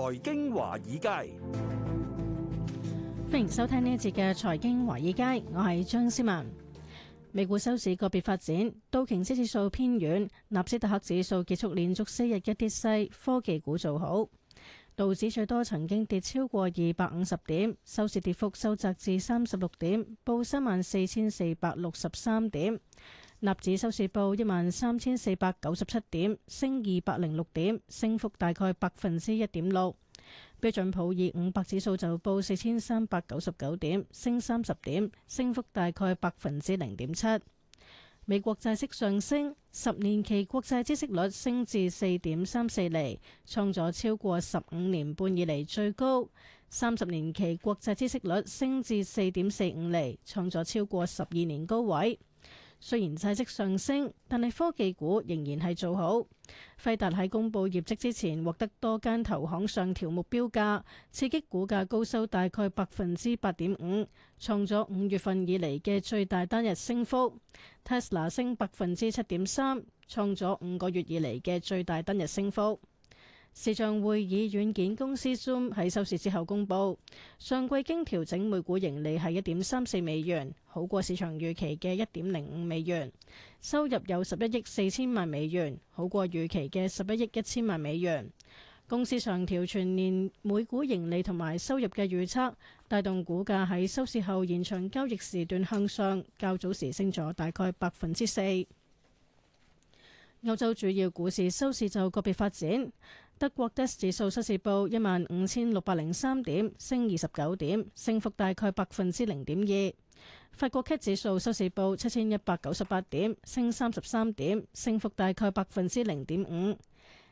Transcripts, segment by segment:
財經華爾街，歡迎收聽呢一節嘅財經華爾街。我係張思文。美股收市個別發展，道瓊斯指數偏軟，納斯達克指數結束連續四日嘅跌勢，科技股做好。道指最多曾經跌超過二百五十點，收市跌幅收窄至三十六點，報三萬四千四百六十三點。納指收市報一萬三千四百九十七點，升二百零六點，升幅大概百分之一點六。標準普爾五百指數就報四千三百九十九點，升三十點，升幅大概百分之零點七。美國債息上升，十年期國債孳息率升至四點三四厘，創咗超過十五年半以嚟最高。三十年期國債孳息率升至四點四五厘，創咗超過十二年高位。雖然債息上升，但係科技股仍然係做好。輝達喺公佈業績之前，獲得多間投行上調目標價，刺激股價高收大概百分之八點五，創咗五月份以嚟嘅最大單日升幅。Tesla 升百分之七點三，創咗五個月以嚟嘅最大單日升幅。視像會議軟件公司 Zoom 喺收市之後公布，上季經調整每股盈利係一點三四美元，好過市場預期嘅一點零五美元。收入有十一億四千萬美元，好過預期嘅十一億一千萬美元。公司上調全年每股盈利同埋收入嘅預測，帶動股價喺收市後延長交易時段向上。較早時升咗大概百分之四。歐洲主要股市收市就個別發展。德國 DAX 指數收市報一萬五千六百零三點，升二十九點，升幅大概百分之零點二。法國 CAC 指數收市報七千一百九十八點，升三十三點，升幅大概百分之零點五。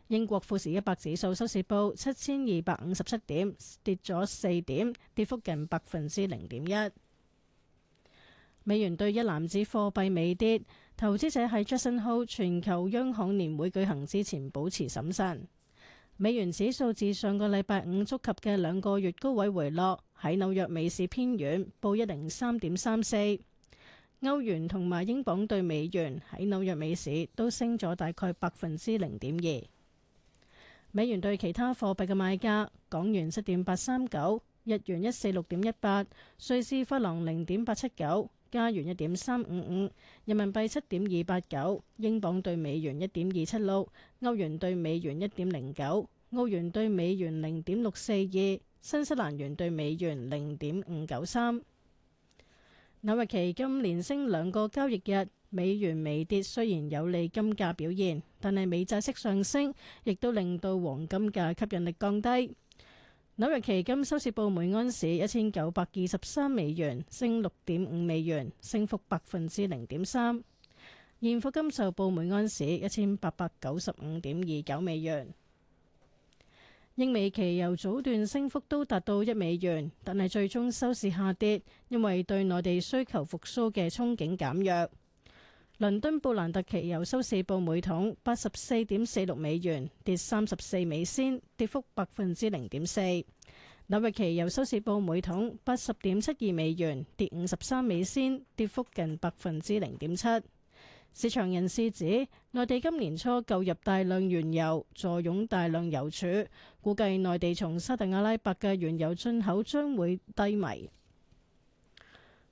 英國富時一百指數收市報七千二百五十七點，跌咗四點，跌幅近百分之零點一。美元對一籃子貨幣未跌，投資者喺 Jackson Hole 全球央行年會舉行之前保持審慎。美元指數自上個禮拜五觸及嘅兩個月高位回落，喺紐約美市偏軟，報一零三點三四。歐元同埋英鎊對美元喺紐約美市都升咗大概百分之零點二。美元對其他貨幣嘅買價：港元七點八三九，日元一四六點一八，瑞士法郎零點八七九。加元一點三五五，5, 人民幣七點二八九，英鎊兌美元一點二七六，歐元兌美元一點零九，澳元兌美元零點六四二，新西蘭元兌美元零點五九三。紐約期金連升兩個交易日，美元微跌，雖然有利金價表現，但係美債息上升，亦都令到黃金價吸引力降低。紐約期金收市報每盎司一千九百二十三美元，升六點五美元，升幅百分之零點三。現貨金收報每盎司一千八百九十五點二九美元。英美期油早段升幅都達到一美元，但係最終收市下跌，因為對內地需求復蘇嘅憧憬減弱。倫敦布蘭特期油收市報每桶八十四點四六美元，跌三十四美仙，跌幅百分之零點四。紐約期油收市報每桶八十點七二美元，跌五十三美仙，跌幅近百分之零點七。市場人士指，內地今年初購入大量原油，坐擁大量油儲，估計內地從沙特阿拉伯嘅原油進口將會低迷。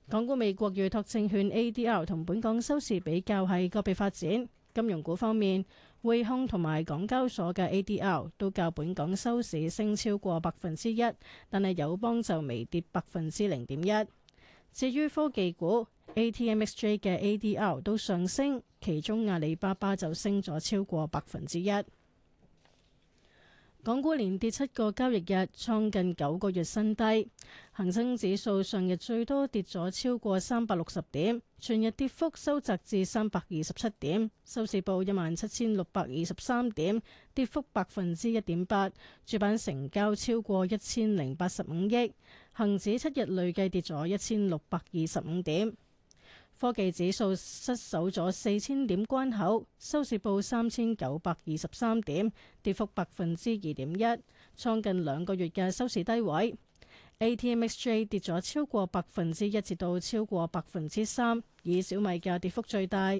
港股、美國預託證券 A D R 同本港收市比較係個別發展。金融股方面，匯控同埋港交所嘅 A D R 都較本港收市升超過百分之一，但係友邦就微跌百分之零點一。至於科技股，A T M X J 嘅 A D R 都上升，其中阿里巴巴就升咗超過百分之一。港股連跌七個交易日，創近九個月新低。恒生指數上日最多跌咗超過三百六十點，全日跌幅收窄至三百二十七點，收市報一萬七千六百二十三點，跌幅百分之一點八。主板成交超過一千零八十五億，恒指七日累計跌咗一千六百二十五點。科技指數失守咗四千點關口，收市報三千九百二十三點，跌幅百分之二點一，創近兩個月嘅收市低位。ATMXJ 跌咗超過百分之一，至到超過百分之三，以小米嘅跌幅最大。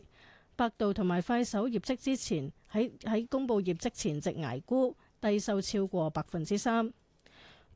百度同埋快手業績之前喺喺公布業績前夕捱沽，低收超過百分之三。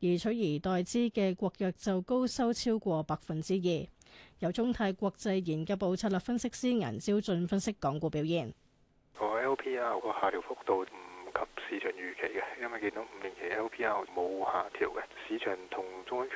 而取而代之嘅國藥就高收超過百分之二。由中泰國際研究部策略分析師顏昭俊分析港股表現。個 LPR 個下調幅度唔及市場預期嘅，因為見到五年期 LPR 冇下調嘅，市場同中央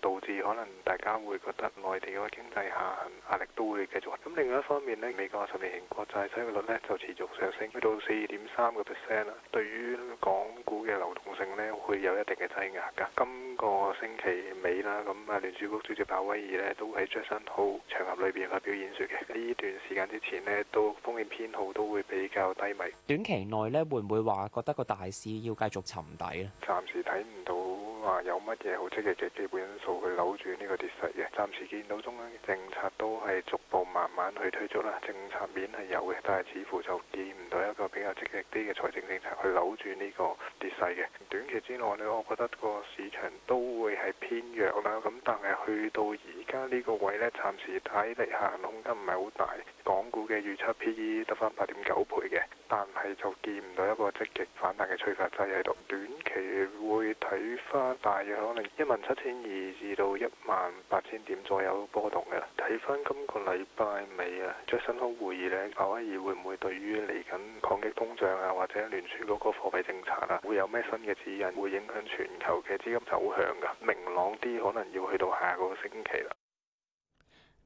導致可能大家會覺得內地嘅經濟下行壓力都會繼續。咁另外一方面咧，美國十年期國債收益率咧就持續上升，去到四點三個 percent 啦。對於港股嘅流動性咧，會有一定嘅擠壓㗎。今、這個星期尾啦，咁啊聯儲局主席鮑威爾咧都喺傑克遜霍爾場合裏邊發表演説嘅。呢段時間之前咧，都風險偏好都會比較低迷。短期內咧，會唔會話覺得個大市要繼續沉底咧？暫時睇唔到。話有乜嘢好積極嘅基本因素去扭轉呢個跌勢嘅？暫時見到中央政策都係逐步慢慢去推出啦，政策面係有嘅，但係似乎就見唔到一個比較積極啲嘅財政政策去扭轉呢個跌勢嘅。短期之內咧，我覺得個市場都會係偏弱啦。咁但係去到而家呢個位咧，暫時睇嚟下行空間唔係好大。港股嘅預測 PE 得返八點九倍嘅。但係就見唔到一個積極反彈嘅催化劑喺度，短期會睇翻大約可能一萬七千二至到一萬八千點左右波動嘅。睇翻今個禮拜尾啊，最新通會議呢，鮑威爾會唔會對於嚟緊抗擊通脹啊，或者聯儲嗰個貨幣政策啊，會有咩新嘅指引，會影響全球嘅資金走向㗎？明朗啲可能要去到下個星期啦。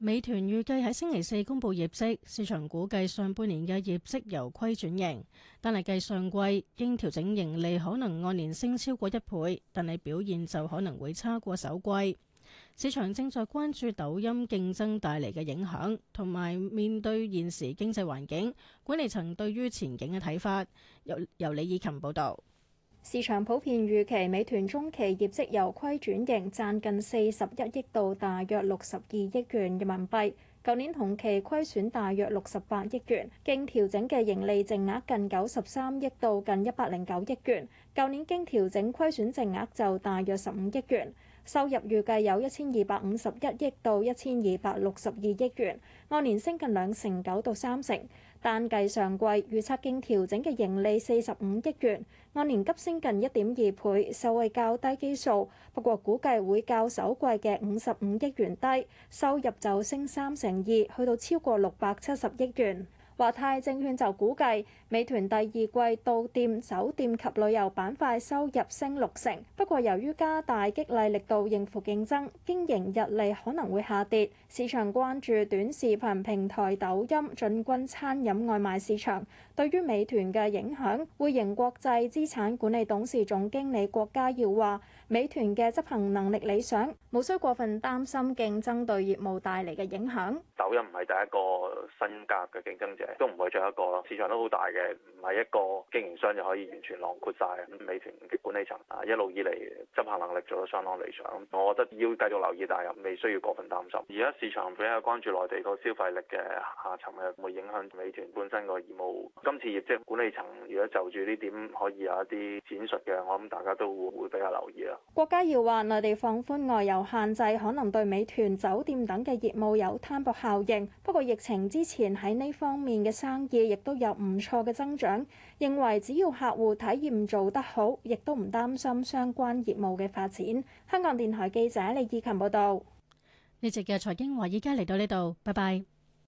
美團預計喺星期四公布業績，市場估計上半年嘅業績由虧轉盈。但係計上季經調整盈利可能按年升超過一倍，但係表現就可能會差過首季。市場正在關注抖音競爭帶嚟嘅影響，同埋面對現時經濟環境，管理層對於前景嘅睇法。由由李以琴報道。市場普遍預期美團中期業績由虧轉盈，賺近四十一億到大約六十二億元人民幣。舊年同期虧損大約六十八億元，經調整嘅盈利淨額近九十三億到近一百零九億元。舊年經調整虧損淨額就大約十五億元。收入預計有一千二百五十一億到一千二百六十二億元，按年升近兩成九到三成。單計上季預測經調整嘅盈利四十五億元，按年急升近一點二倍，受惠較低基數，不過估計會較首季嘅五十五億元低。收入就升三成二，去到超過六百七十億元。華泰證券就估計，美團第二季到店、酒店及旅遊板塊收入升六成。不過，由於加大激勵力度應付競爭，經營溢利可能會下跌。市場關注短視頻平台抖音進軍餐飲外賣市場對於美團嘅影響。匯盈國際資產管理董事總經理郭家耀話：美團嘅執行能力理想，冇需過分擔心競爭對業務帶嚟嘅影響。抖音唔係第一個新加入嘅競爭者。都唔係最後一個咯，市場都好大嘅，唔係一個經營商就可以完全囊括晒嘅。美團嘅管理層啊，一路以嚟執行能力做得相當理想，我覺得要繼續留意，但係未需要過分擔心。而家市場比較關注內地個消費力嘅下沉嘅，會影響美團本身個業務，今次業績管理層如果就住呢點可以有一啲展述嘅，我諗大家都會比較留意啦。國家要話內地放寬外遊限制，可能對美團酒店等嘅業務有攤薄效應，不過疫情之前喺呢方面嘅生意亦都有唔錯嘅增長，認為只要客戶體驗做得好，亦都唔擔心相關業務嘅發展。香港電台記者李以勤報道。呢集嘅財經華，依家嚟到呢度，拜拜。